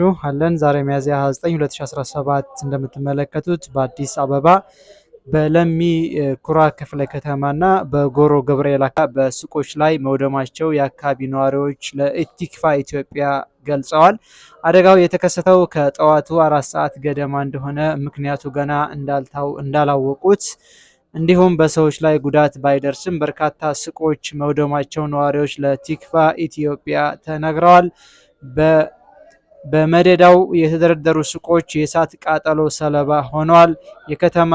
ይዘንላችሁ አለን። ዛሬ ሚያዝያ 29 2017 እንደምትመለከቱት በአዲስ አበባ በለሚ ኩራ ክፍለ ከተማና በጎሮ ገብርኤል አካ በሱቆች ላይ መውደማቸው የአካባቢ ነዋሪዎች ለኢቲክፋ ኢትዮጵያ ገልጸዋል። አደጋው የተከሰተው ከጠዋቱ አራት ሰዓት ገደማ እንደሆነ ምክንያቱ ገና እንዳላወቁት እንዲሁም በሰዎች ላይ ጉዳት ባይደርስም በርካታ ሱቆች መውደማቸው ነዋሪዎች ለቲክፋ ኢትዮጵያ ተነግረዋል። በመደዳው የተደረደሩ ሱቆች የእሳት ቃጠሎ ሰለባ ሆነዋል። የከተማ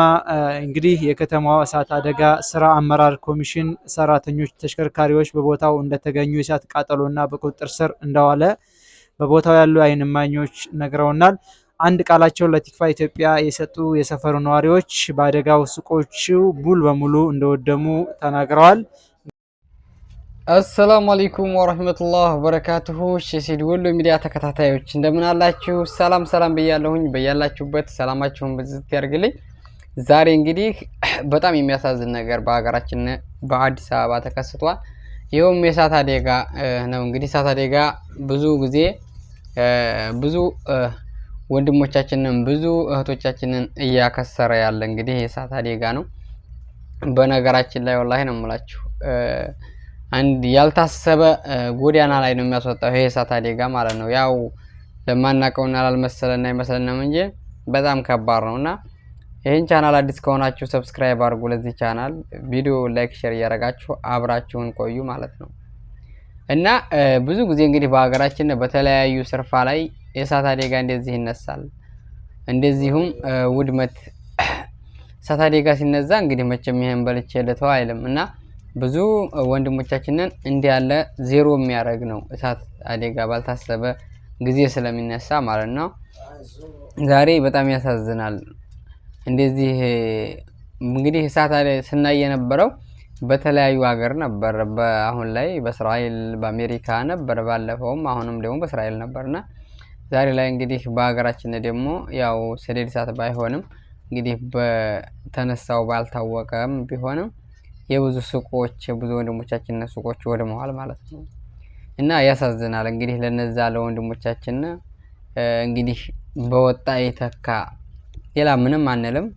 እንግዲህ የከተማዋ እሳት አደጋ ስራ አመራር ኮሚሽን ሰራተኞች ተሽከርካሪዎች በቦታው እንደተገኙ የእሳት ቃጠሎና በቁጥጥር ስር እንደዋለ በቦታው ያሉ አይንማኞች እማኞች ነግረውናል። አንድ ቃላቸውን ለቲክፋ ኢትዮጵያ የሰጡ የሰፈሩ ነዋሪዎች በአደጋው ሱቆቹ ሙሉ በሙሉ እንደወደሙ ተናግረዋል። አሰላሙ አለይኩም ወረህመቱላህ ወበረካቱሁ የሴድ ወሎ ሚዲያ ተከታታዮች እንደምን አላችሁ? ሰላም ሰላም ብያለሁኝ። በያላችሁበት ሰላማችሁን ብዝት ያርግልኝ። ዛሬ እንግዲህ በጣም የሚያሳዝን ነገር በሀገራችን በአዲስ አበባ ተከስቷል። ይኸውም የእሳት አደጋ ነው። እንግዲህ እሳት አደጋ ብዙ ጊዜ ብዙ ወንድሞቻችንን ብዙ እህቶቻችንን እያከሰረ ያለ እንግዲህ የእሳት አደጋ ነው። በነገራችን ላይ ወላሂ ነው የምላችሁ አንድ ያልታሰበ ጎዳና ላይ ነው የሚያስወጣው ይሄ እሳት አደጋ ማለት ነው። ያው ለማናቀውና ላልመሰለና ይመስለንም እንጂ በጣም ከባድ ነው እና ይህን ቻናል አዲስ ከሆናችሁ ሰብስክራይብ አድርጉ። ለዚህ ቻናል ቪዲዮ ላይክ፣ ሼር እያደረጋችሁ አብራችሁን ቆዩ ማለት ነው እና ብዙ ጊዜ እንግዲህ በሀገራችን በተለያዩ ስርፋ ላይ የእሳት አደጋ እንደዚህ ይነሳል። እንደዚሁም ውድመት እሳት አደጋ ሲነዛ እንግዲህ መቼም ይሄን በልቼ ልተው አይልም እና ብዙ ወንድሞቻችንን እንዲህ ያለ ዜሮ የሚያደርግ ነው እሳት አደጋ ባልታሰበ ጊዜ ስለሚነሳ ማለት ነው። ዛሬ በጣም ያሳዝናል። እንደዚህ እንግዲህ እሳት ስናይ የነበረው በተለያዩ ሀገር ነበር። አሁን ላይ በእስራኤል በአሜሪካ ነበር፣ ባለፈውም አሁንም ደግሞ በእስራኤል ነበርና ዛሬ ላይ እንግዲህ በሀገራችን ደግሞ ያው ሰደድ እሳት ባይሆንም እንግዲህ በተነሳው ባልታወቀም ቢሆንም የብዙ ሱቆች የብዙ ወንድሞቻችን ሱቆች ወድመዋል ማለት ነው እና ያሳዝናል። እንግዲህ ለነዛ ለወንድሞቻችን እንግዲህ በወጣ የተካ ሌላ ምንም አንልም፣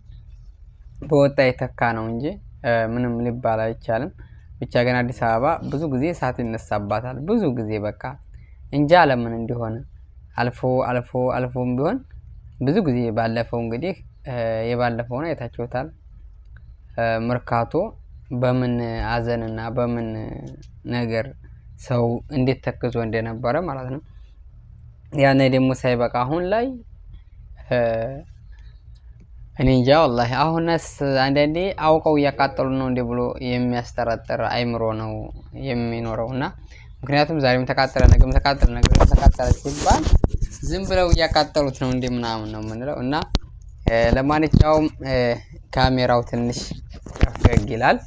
በወጣ የተካ ነው እንጂ ምንም ሊባል አይቻልም። ብቻ ግን አዲስ አበባ ብዙ ጊዜ እሳት ይነሳባታል። ብዙ ጊዜ በቃ እንጃ ለምን እንዲሆን አልፎ አልፎ አልፎም ቢሆን ብዙ ጊዜ ባለፈው እንግዲህ የባለፈውን አይታችሁታል መርካቶ በምን ሀዘንና በምን ነገር ሰው እንዴት ተክዞ እንደነበረ ማለት ነው። ያኔ ደግሞ ሳይበቃ አሁን ላይ እኔ እንጃ ወላሂ። አሁንስ አንዳንዴ አውቀው እያቃጠሉ ነው እንዴ ብሎ የሚያስጠረጥር አይምሮ ነው የሚኖረው እና ምክንያቱም ዛሬም ተቃጠለ፣ ነገም ተቃጠለ፣ ነገም ተቃጠለ ሲባል ዝም ብለው እያቃጠሉት ነው እንዴ ምናምን ነው የምንለው እና ለማንኛውም ካሜራው ትንሽ ጨፍገግ ይላል።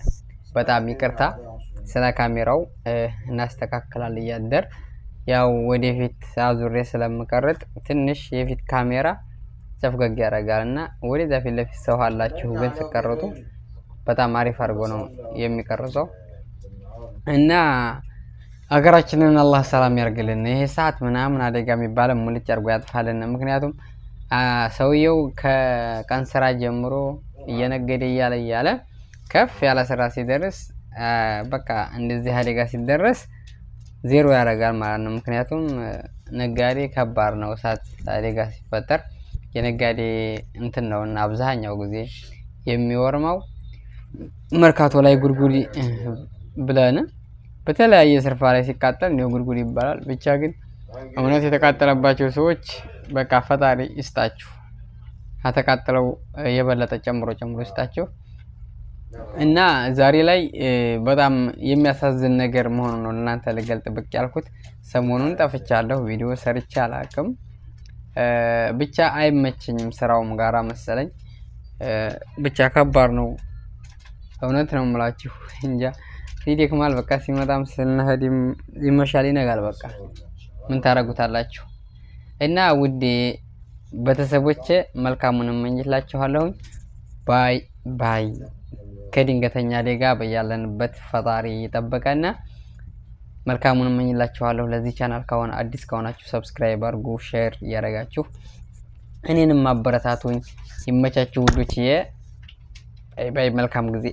በጣም ይቅርታ ስለ ካሜራው እናስተካክላል እያደር ያው ወደፊት አዙሬ ስለምቀርጥ ትንሽ የፊት ካሜራ ጨፍገግ ያደርጋል እና ወደዛ ፊት ለፊት ሰው አላችሁ ግን ስቀርጡ በጣም አሪፍ አድርጎ ነው የሚቀርጸው እና ሀገራችንን አላህ ሰላም ያርግልን። ይሄ ሰዓት ምናምን አደጋ የሚባለ ሙልጭ አድርጎ ያጥፋልን። ምክንያቱም ሰውየው ከቀን ስራ ጀምሮ እየነገደ እያለ እያለ ከፍ ያለ ስራ ሲደርስ በቃ እንደዚህ አደጋ ሲደረስ ዜሮ ያደርጋል ማለት ነው። ምክንያቱም ነጋዴ ከባድ ነው። እሳት አደጋ ሲፈጠር የነጋዴ እንትን ነው እና አብዛኛው ጊዜ የሚወርመው መርካቶ ላይ ጉድጉድ ብለን በተለያየ ስርፋ ላይ ሲቃጠል እንዲሁ ጉድጉድ ይባላል። ብቻ ግን እውነት የተቃጠለባቸው ሰዎች በቃ ፈጣሪ ይስጣችሁ፣ ከተቃጠለው የበለጠ ጨምሮ ጨምሮ ይስጣችሁ። እና ዛሬ ላይ በጣም የሚያሳዝን ነገር መሆኑ ነው እናንተ ልገልጥ ብቅ ያልኩት። ሰሞኑን ጠፍቻለሁ፣ ቪዲዮ ሰርቼ አላቅም። ብቻ አይመችኝም ስራውም ጋራ መሰለኝ። ብቻ ከባድ ነው፣ እውነት ነው የምላችሁ። እንጃ ይደክማል። በቃ ሲመጣም ስንሄድ ይመሻል፣ ይነጋል። በቃ ምን ታደርጉታላችሁ? እና ውዴ ቤተሰቦቼ መልካሙን እመኝላችኋለሁኝ። ባይ ባይ ከድንገተኛ አደጋ በያለንበት ፈጣሪ ይጠብቀን። መልካሙን እመኝላችኋለሁ። ለዚህ ቻናል ከሆነ አዲስ ከሆናችሁ ሰብስክራይብ አርጉ፣ ሼር እያደረጋችሁ እኔንም አበረታቱኝ። ይመቻችሁ ውዶችዬ። ባይ። መልካም ጊዜ